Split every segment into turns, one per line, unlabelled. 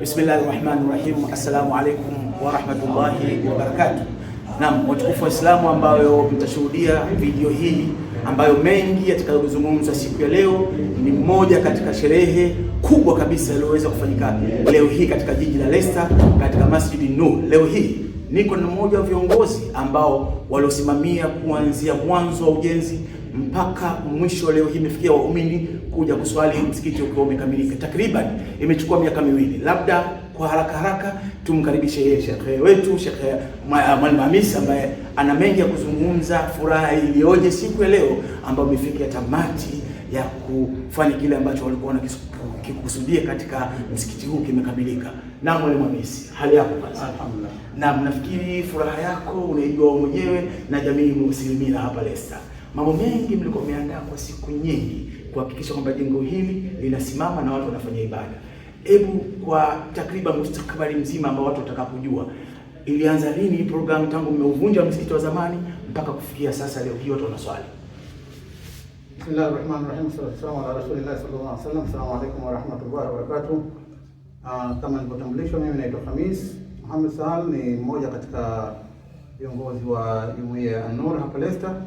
Bismillahi rahmani rahim. Assalamu alaikum warahmatullahi barakatuh. Naam, watukufu wa Islamu ambayo mtashuhudia video hii ambayo mengi yatakayozungumzwa siku ya leo ni mmoja katika sherehe kubwa kabisa iliyoweza kufanyika leo hii katika jiji la Leicester katika Masjid Nur leo hii niko na mmoja wa viongozi ambao waliosimamia kuanzia mwanzo wa ujenzi mpaka mwisho leo hii imefikia waumini kuja kuswali msikiti ukiwa umekamilika. Takriban imechukua miaka miwili. Labda kwa haraka haraka tumkaribishe yeye shekhe wetu Shekhe Mwalimu Hamisi ambaye ana mengi ya kuzungumza. Furaha iliyoje siku ya leo ambayo imefikia tamati ya kufanya kile ambacho walikuwa wanakikusudia katika msikiti huu kimekamilika na mwalimu Hamisi, hali yako kwanza? Alhamdulillah. Na mnafikiri furaha yako unaijua mwenyewe na jamii msilimina hapa Lesta. Mambo mengi mlikuwa mmeandaa kwa siku nyingi kuhakikisha kwamba jengo hili linasimama na watu wanafanya ibada. Hebu kwa takriban mustakabali mzima ambao watu watakapojua ilianza lini hii programu tangu mmeuvunja msikiti wa zamani mpaka kufikia sasa leo hii watu wanaswali?
Bismillahir Rahmanir Rahim. Assalamu alaykum wa rahmatullahi wa barakatuh. Uh, kama nilivyotambulishwa, mimi naitwa Khamis Muhammad Sahal, ni mmoja katika viongozi wa jumuiya ya An-Nur hapa Leicester.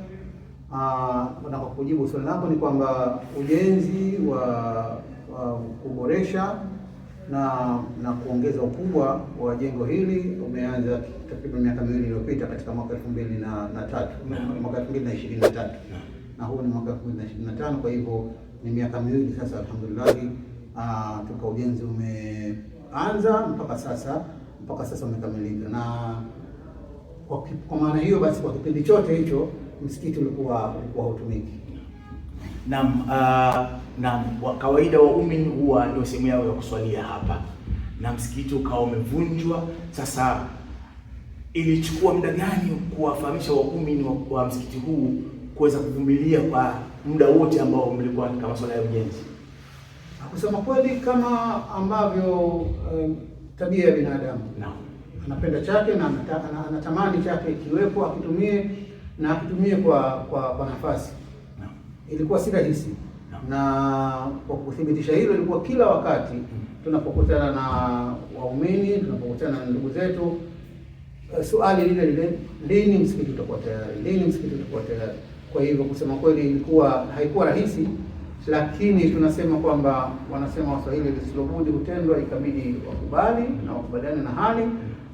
Uh, na kwa kujibu swali lako ni kwamba ujenzi wa, wa kuboresha na na kuongeza ukubwa wa jengo hili umeanza takriban miaka miwili iliyopita katika mwaka elfu mbili na, na tatu mwaka elfu mbili na ishirini na tatu na huu ni mwaka elfu mbili na ishirini na tano kwa hivyo ni miaka miwili sasa alhamdulillahi Ah, toka ujenzi umeanza mpaka sasa mpaka sasa umekamilika, na kwa, kwa maana hiyo basi kwa kipindi chote hicho msikiti ulikuwa ulikuwa hutumiki.
Naam, uh, naam, kwa kawaida waumini huwa ndio sehemu yao ya kuswalia hapa, na msikiti ukawa umevunjwa. Sasa ilichukua muda gani kuwafahamisha waumini wa msikiti huu kuweza kuvumilia kwa muda wote ambao mlikuwa katika masuala ya ujenzi?
Kusema kweli, kama ambavyo um, tabia ya binadamu no. Anapenda chake na anatamani chake ikiwepo akitumie na akitumie kwa kwa, kwa nafasi no. Ilikuwa si rahisi no. Na kwa kuthibitisha hilo, ilikuwa kila wakati mm. Tunapokutana na waumini, tunapokutana na ndugu zetu, eh, suali lile lile, lini msikiti utakuwa tayari? Lini msikiti utakuwa tayari? Kwa hivyo kusema kweli, ilikuwa haikuwa rahisi lakini tunasema kwamba wanasema Waswahili lisilobudi hutendwa, ikabidi wakubali na wakubaliane na hali.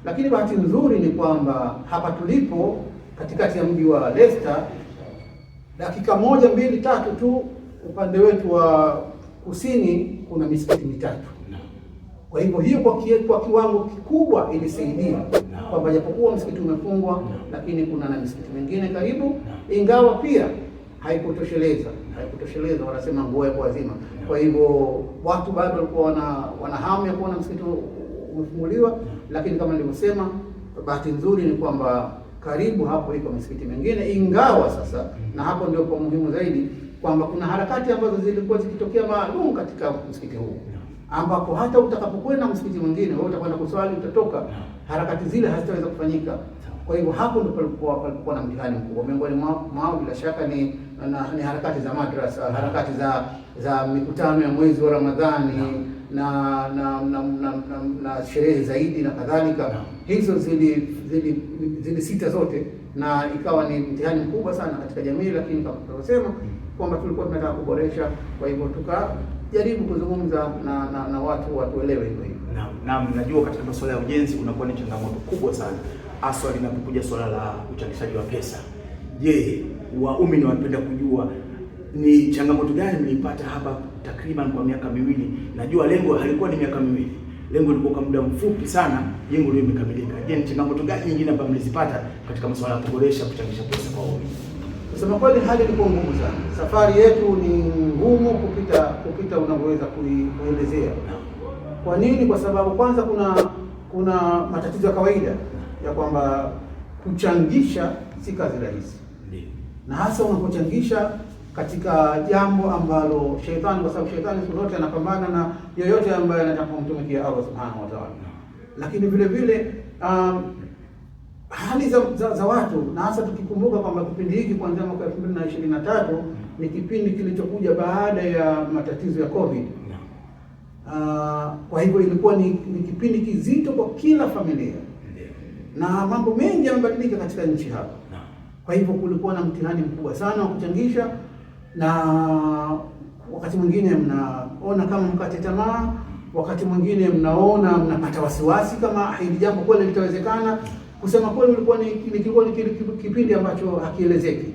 Lakini bahati nzuri ni kwamba hapa tulipo katikati ya mji wa Leicester, dakika moja mbili tatu tu upande wetu wa kusini kuna misikiti mitatu. Kwa hivyo hiyo kwa, kwa kiwango kikubwa ilisaidia kwamba japokuwa msikiti umefungwa, lakini kuna na misikiti mingine karibu, ingawa pia haikutosheleza haikutosheleza, wanasema nguo yako wazima. Kwa hivyo watu bado walikuwa wana, wana hamu ya kuona msikiti umefunguliwa, lakini kama nilivyosema, bahati nzuri ni kwamba karibu hapo iko misikiti mingine, ingawa sasa, na hapo ndio kwa muhimu zaidi kwamba kuna harakati ambazo zilikuwa zikitokea maalum katika msikiti huu ambapo hata utakapokwenda msikiti mwingine wewe utakwenda kuswali, utatoka, harakati zile hazitaweza kufanyika. Kwa hivyo hapo ndipo palikuwa palikuwa na mtihani mkubwa miongoni mwao, bila shaka ni na, na harakati za madrasa, harakati za za mikutano ya mwezi wa Ramadhani na na na, na, na, na, na sherehe zaidi na kadhalika. Hizo zili zili zili sita zote, na ikawa ni mtihani mkubwa sana katika jamii, lakini kama tulivyosema kwamba tulikuwa tunataka kuboresha, kwa hivyo tukajaribu kuzungumza na, na, na watu watuelewe hivyo hivyo.
Naam, najua katika masuala ya ujenzi unakuwa ni changamoto kubwa sana, haswa linapokuja swala la uchangishaji wa pesa. Je, waumini wanapenda kujua ni changamoto gani mlipata hapa takriban kwa miaka miwili. Najua lengo halikuwa ni miaka miwili, lengo lilikuwa kwa muda mfupi sana, jengo lile limekamilika. Je, ni changamoto gani nyingine ambayo mlizipata katika masuala ya kuboresha kuchangisha pesa kwa waumini?
Kusema kweli, hali ilikuwa ngumu sana. Safari yetu ni ngumu kupita kupita unavyoweza kuielezea. Kwa nini? Kwa sababu kwanza kuna kuna matatizo ya kawaida ya kwamba kuchangisha si kazi rahisi na hasa unapochangisha katika jambo ambalo shetani, kwa sababu shetani siku zote anapambana na yoyote ambaye anataka kumtumikia Allah subhanahu wa ta'ala. Lakini vile vile um, hali za, za, za watu na hasa tukikumbuka kwamba kipindi hiki kuanzia mwaka 2023 ni kipindi kilichokuja baada ya matatizo ya COVID. Uh, kwa hivyo ilikuwa ni, ni kipindi kizito kwa kila familia na mambo mengi yamebadilika katika nchi hapa kwa hivyo kulikuwa na mtihani mkubwa sana wa kuchangisha, na wakati mwingine mnaona kama mkate tamaa, wakati mwingine mnaona mnapata wasiwasi kama ah, hili jambo kweli litawezekana. Kusema kweli, ulikuwa ni kilikuwa ni kipindi ambacho hakielezeki,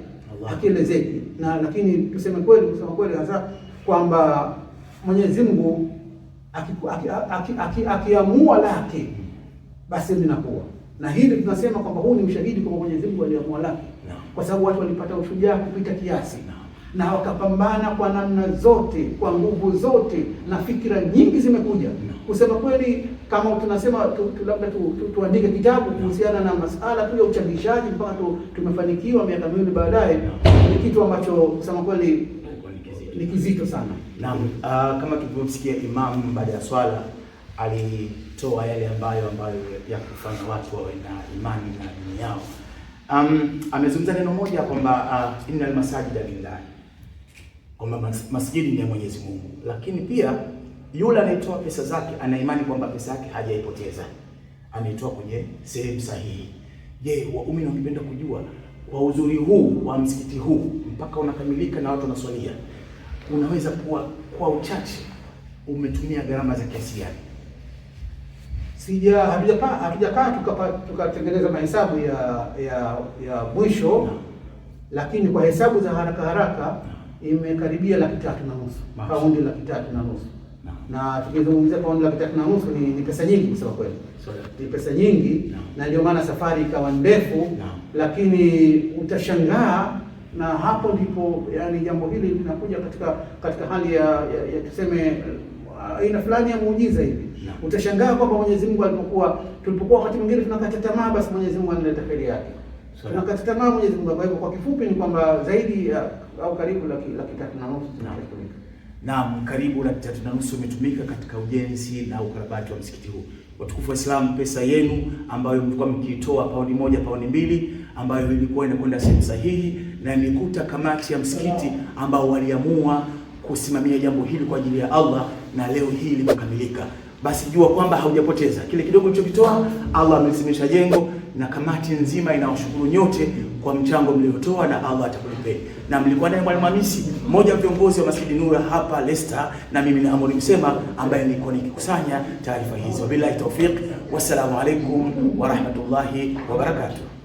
hakielezeki na lakini tuseme kweli, kusema kweli hasa kwamba Mwenyezi Mungu akiamua lake basi linakuwa na hili tunasema kwamba huu ni ushahidi kwamba Mwenyezi Mungu aliamua lake kwa sababu watu walipata ushujaa kupita kiasi na wakapambana kwa namna zote, kwa nguvu zote, na fikira nyingi zimekuja. Kusema kweli, kama tunasema labda tu, tu, tu, tuandike kitabu kuhusiana na masala tu ya uchangishaji mpaka tu, tumefanikiwa miaka miwili baadaye, ni kitu ambacho kusema kweli ni kizito sana.
Naam, uh, kama tulivyomsikia Imamu baada ya swala alitoa yale ambayo ambayo ya kufanya watu wawe na imani na dini yao. Um, amezungumza neno moja kwamba uh, innal masajida lillah, kwamba masjidi ni ya Mwenyezi Mungu, lakini pia yule anayetoa pesa zake ana imani kwamba pesa yake hajaipoteza, ameitoa kwenye sehemu sahihi. Je, waumini wangependa kujua kwa uzuri huu wa msikiti huu mpaka unakamilika na watu wanaswalia, unaweza kuwa kwa uchache umetumia gharama za kiasi gani?
sija hatujakaa tukatengeneza mahesabu ya ya ya mwisho no. Lakini kwa hesabu za haraka haraka no. imekaribia laki tatu na nusu paundi laki tatu na nusu no. na tukizungumzia paundi laki tatu na nusu ni, ni pesa nyingi kusema kweli ni pesa nyingi no. na ndio maana safari ikawa ndefu no. Lakini utashangaa na hapo ndipo yani jambo hili linakuja katika katika hali ya, ya, ya tuseme aina fulani ya muujiza hivi. Utashangaa kwamba Mwenyezi Mungu alipokuwa tulipokuwa wakati mwingine tunakata tamaa, basi Mwenyezi Mungu analeta kheri yake. Tunakata tamaa Mwenyezi Mungu. Kwa hivyo kwa kifupi ni kwamba zaidi ya au karibu laki laki tatu na nusu
Naam, karibu laki tatu na nusu umetumika katika ujenzi na ukarabati wa msikiti huu. Watukufu wa Islam, pesa yenu ambayo mlikuwa mkiitoa paundi moja, paundi mbili, ambayo ilikuwa inakwenda sehemu sahihi, na nikuta kamati ya msikiti ambao waliamua kusimamia jambo hili kwa ajili ya Allah na leo hii limekamilika, basi jua kwamba haujapoteza kile kidogo ulichokitoa. Allah amelisimisha jengo na kamati nzima inawashukuru nyote kwa mchango mliotoa, na Allah atakulipeni. Na mlikuwa naye Mwalimu Hamisi, mmoja wa viongozi wa Masjidi Nura hapa Leicester, na mimi na Amori Msema ambaye nilikuwa nikikusanya taarifa hizo. Wabillahi tawfiq, wassalamu alaikum warahmatullahi wabarakatuh.